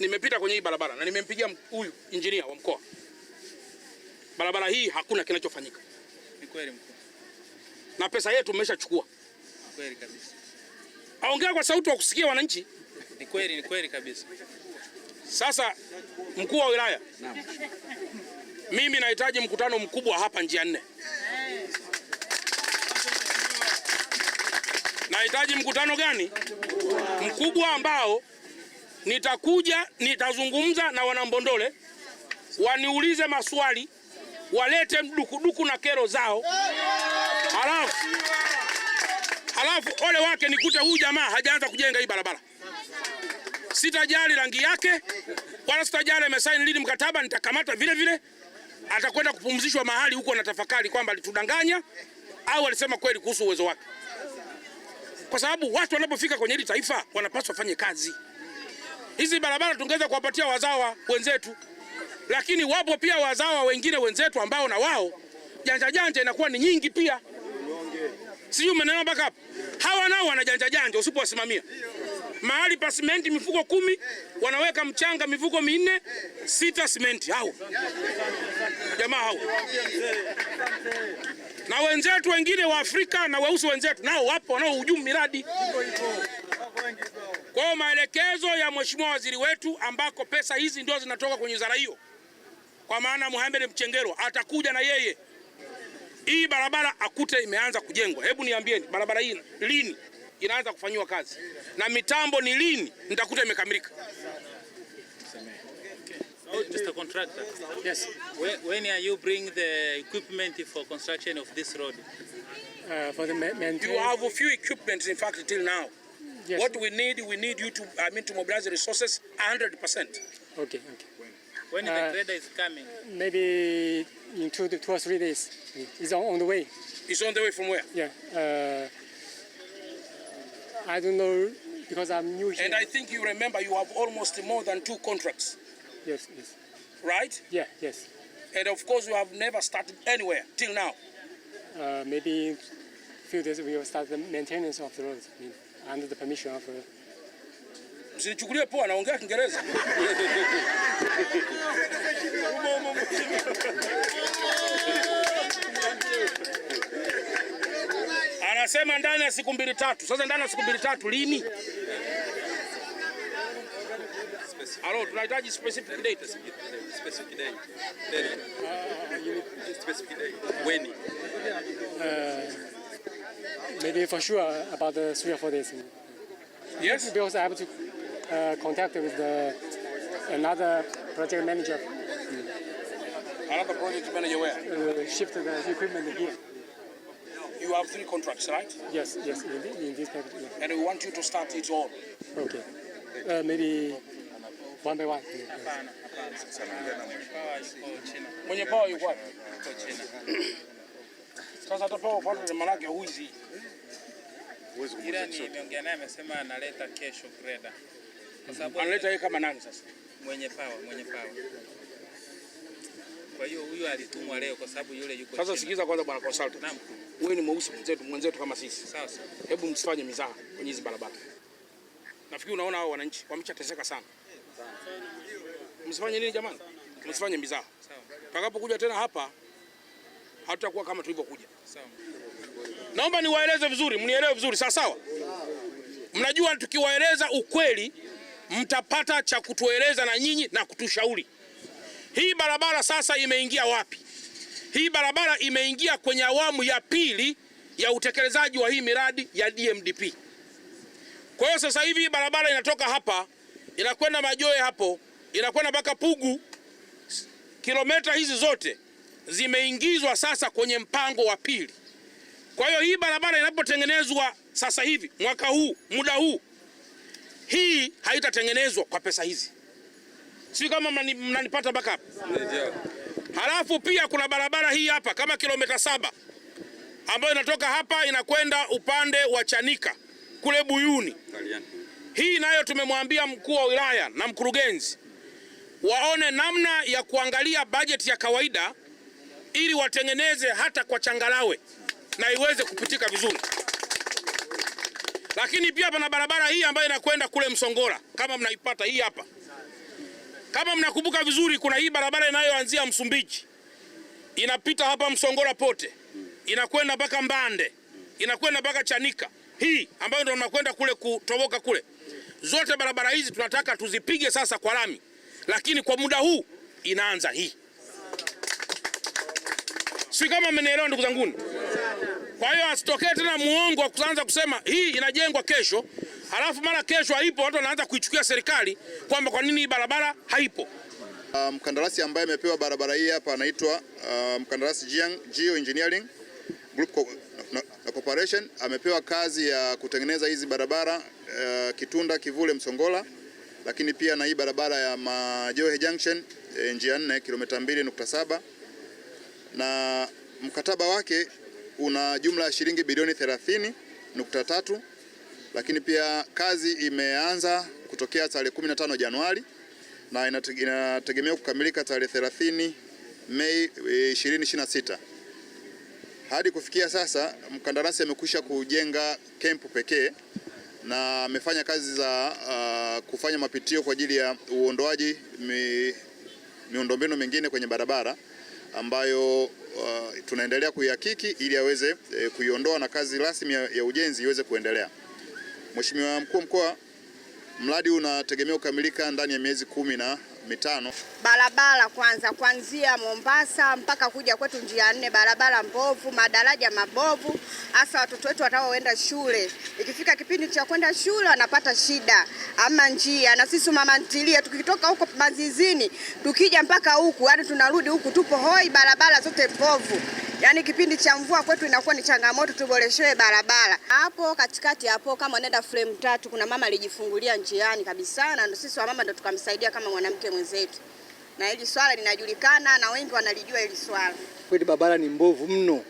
nimepita kwenye hii barabara na nimempigia huyu injinia wa mkoa, barabara hii hakuna kinachofanyika. Ni kweli mkuu, na pesa yetu mmeshachukua. Kweli kabisa. Aongea kwa sauti wa kusikia wananchi. Ni kweli, ni kweli kabisa. Sasa mkuu wa wilaya, naam, mimi nahitaji mkutano mkubwa hapa njia nne. Nahitaji mkutano gani mkubwa ambao nitakuja nitazungumza na wanambondole waniulize maswali, walete dukuduku na kero zao, halafu halafu ole wake nikute huyu jamaa hajaanza kujenga hii barabara. Sitajali rangi yake wala sitajali amesaini lini mkataba, nitakamata vile vile. Atakwenda kupumzishwa mahali huko na tafakari kwamba alitudanganya au alisema kweli kuhusu uwezo wake, kwa sababu watu wanapofika kwenye hili taifa wanapaswa wafanye kazi hizi barabara tungeweza kuwapatia wazawa wenzetu, lakini wapo pia wazawa wengine wenzetu ambao na wao janja janja inakuwa ni nyingi pia, sijui umeelewa mpaka hapo. Hawa nao wana janja janja, usipowasimamia mahali pa simenti mifuko kumi wanaweka mchanga mifuko minne sita simenti. Hao jamaa hao na wenzetu wengine wa Afrika na weusi wenzetu nao wapo wanaohujumu miradi. Kwa hiyo maelekezo ya mheshimiwa waziri wetu, ambako pesa hizi ndio zinatoka kwenye wizara hiyo, kwa maana Mohamed Mchengero atakuja na yeye hii barabara akute imeanza kujengwa. Hebu niambieni, barabara hii lini inaanza kufanyiwa kazi na mitambo ni lini nitakuta imekamilika? Mr. Contractor. Yes. When are you bring the equipment for construction of this road? Uh, for the maintenance. You have a few equipment in fact till now. Yes. What we need, we need you to, I mean, to mobilize the resources 100%. Okay, okay. When the uh, grader is coming? Maybe in two, two or three days. It's on, on the way. It's on the way from where? Yeah. Uh, I don't know because I'm new here. And I think you remember you have almost more than two contracts. Yes, yes. Right? Yeah, yes. And of course you have never started anywhere till now. Uh, maybe few days we will start the maintenance of the road, under the permission of uh, Msinichukulie poa naongea Kiingereza. Anasema ndani ya siku mbili tatu. Sasa ndani ya siku mbili tatu lini? tunahitaji specific date. Specific date. When? Uh, maybe for sure about uh, three or four days. Yes. Because I have to uh, contact with the, another project manager. Hmm. Another project manager where? Uh, shift the equipment here. You have three contracts, right? Yes, yes, in, the, in this package. Yeah. And we want you to start it all. Okay. Uh, maybe one by one. When you power, you what? Sasa tupo kwa pale manake huizi. Huwezi kumwona. Nimeongea naye amesema analeta kesho Kreda. Kwa sababu analeta yeye kama nani sasa? Mwenye power, mwenye power. Kwa hiyo huyu alitumwa leo kwa sababu yule yuko. Sasa sikiza kwanza bwana consultant. Naam. Wewe ni mweusi mwenzetu, mwenzetu kama sisi. Sawa sawa. Hebu msifanye mizaha kwenye hizi barabara. Nafikiri unaona hao wananchi wameshateseka sana. Msifanye nini jamani? Msifanye mizaha. Sawa. Pakapokuja tena hapa hatutakuwa kama tulivyokuja. Naomba niwaeleze vizuri, mnielewe vizuri sawa sawa. Mnajua tukiwaeleza ukweli mtapata cha kutueleza na nyinyi na kutushauri. Hii barabara sasa imeingia wapi? Hii barabara imeingia kwenye awamu ya pili ya utekelezaji wa hii miradi ya DMDP. Kwa hiyo sasa hivi barabara inatoka hapa inakwenda Majoe hapo inakwenda mpaka Pugu, kilometa hizi zote zimeingizwa sasa kwenye mpango wa pili. Kwa hiyo hii barabara inapotengenezwa sasa hivi mwaka huu muda huu, hii haitatengenezwa kwa pesa hizi, si kama mnanipata mpaka hapa. Halafu pia kuna barabara hii hapa kama kilomita saba ambayo inatoka hapa inakwenda upande wa Chanika kule Buyuni. Hii nayo tumemwambia mkuu wa wilaya na mkurugenzi waone namna ya kuangalia bajeti ya kawaida ili watengeneze hata kwa changarawe na iweze kupitika vizuri. Lakini pia pana barabara hii ambayo inakwenda kule Msongola, kama mnaipata hii hapa, kama mnakumbuka vizuri, kuna hii barabara inayoanzia Msumbiji inapita hapa Msongola pote inakwenda mpaka Mbande inakwenda mpaka Chanika, hii ambayo ndio tunakwenda kule kutoboka kule. Zote barabara hizi tunataka tuzipige sasa kwa lami, lakini kwa muda huu inaanza hii si kama mmenielewa ndugu zanguni? Kwa hiyo asitokee tena muongo wa kuanza kusema hii inajengwa kesho, halafu mara kesho haipo, watu wanaanza kuichukia serikali kwamba kwa nini hii barabara haipo. Uh, mkandarasi ambaye amepewa barabara hii hapa anaitwa uh, mkandarasi Jiang, Geo Engineering Group Co na, na Corporation amepewa kazi ya kutengeneza hizi barabara uh, Kitunda Kivule Msongola, lakini pia na hii barabara ya Majohe Junction eh, njia 4 kilomita 2.7 na mkataba wake una jumla ya shilingi bilioni 30.3, lakini pia kazi imeanza kutokea tarehe 15 Januari na inategemewa kukamilika tarehe 30 Mei 2026. E, Hadi kufikia sasa mkandarasi amekwisha kujenga kempu pekee na amefanya kazi za uh, kufanya mapitio kwa ajili ya uondoaji mi, miundombinu mingine kwenye barabara ambayo uh, tunaendelea kuihakiki ili aweze eh, kuiondoa na kazi rasmi ya, ya ujenzi iweze kuendelea. Mheshimiwa Mkuu wa Mkoa, mradi unategemea kukamilika ndani ya miezi kumi na mitano. Barabara kwanza, kuanzia Mombasa mpaka kuja kwetu njia nne, barabara mbovu, madaraja mabovu, hasa watoto wetu wataoenda shule. Ikifika kipindi cha kwenda shule wanapata shida ama njia, na sisi mama ntilie, tukitoka huko mazizini tukija mpaka huku hadi yaani tunarudi huku, tupo hoi, barabara zote mbovu. Yaani kipindi cha mvua kwetu inakuwa ni changamoto, tuboreshewe barabara. Hapo katikati hapo kama unaenda frame tatu, kuna mama alijifungulia njiani kabisa, na sisi wamama ndo tukamsaidia kama mwanamke mwenzetu, na hili swala linajulikana na wengi wanalijua hili swala. Kweli barabara ni mbovu mno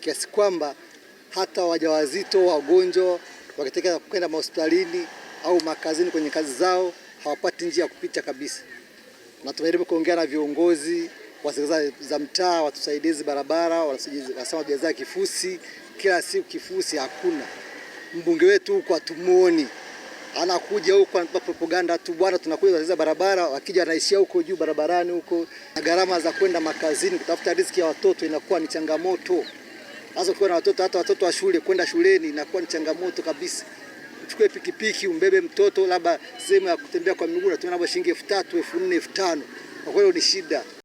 kiasi kwamba hata wajawazito, wagonjwa wakitaka kwenda mahospitalini au makazini kwenye kazi zao hawapati njia ya kupita kabisa, na tunajaribu kuongea na viongozi wa za mtaa watusaidizi barabara, wanasema biashara kifusi kila siku, kifusi hakuna. Mbunge wetu huko atumuoni, anakuja huko anatupa propaganda tu, bwana, tunakuja tutatiza barabara, wakija anaishia huko juu barabarani huko, na gharama za kwenda makazini kutafuta riziki ya watoto inakuwa ni changamoto. Sasa ukiwa na watoto, hata watoto wa shule kwenda shuleni inakuwa ni changamoto kabisa. Uchukue pikipiki umbebe mtoto labda sehemu ya kutembea kwa miguu, natumia shilingi elfu tatu elfu nne elfu tano kwa kweli ni shida.